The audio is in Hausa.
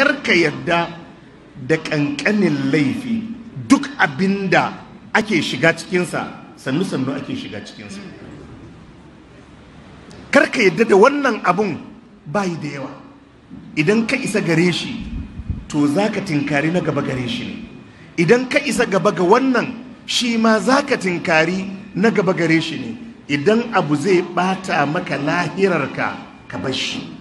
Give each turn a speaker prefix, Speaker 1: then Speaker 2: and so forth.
Speaker 1: karka yadda da ƙanƙanin laifi duk abinda ake shiga cikinsa sannu sannu ake shiga cikinsa karka yadda da wannan abun bayi da yawa idan ka isa gare shi to za ka tinkari na gaba gare shi ne idan ka isa gaba ga wannan shi ma za ka tinkari na gaba gare shi ne idan abu zai bata maka lahirarka ka bar shi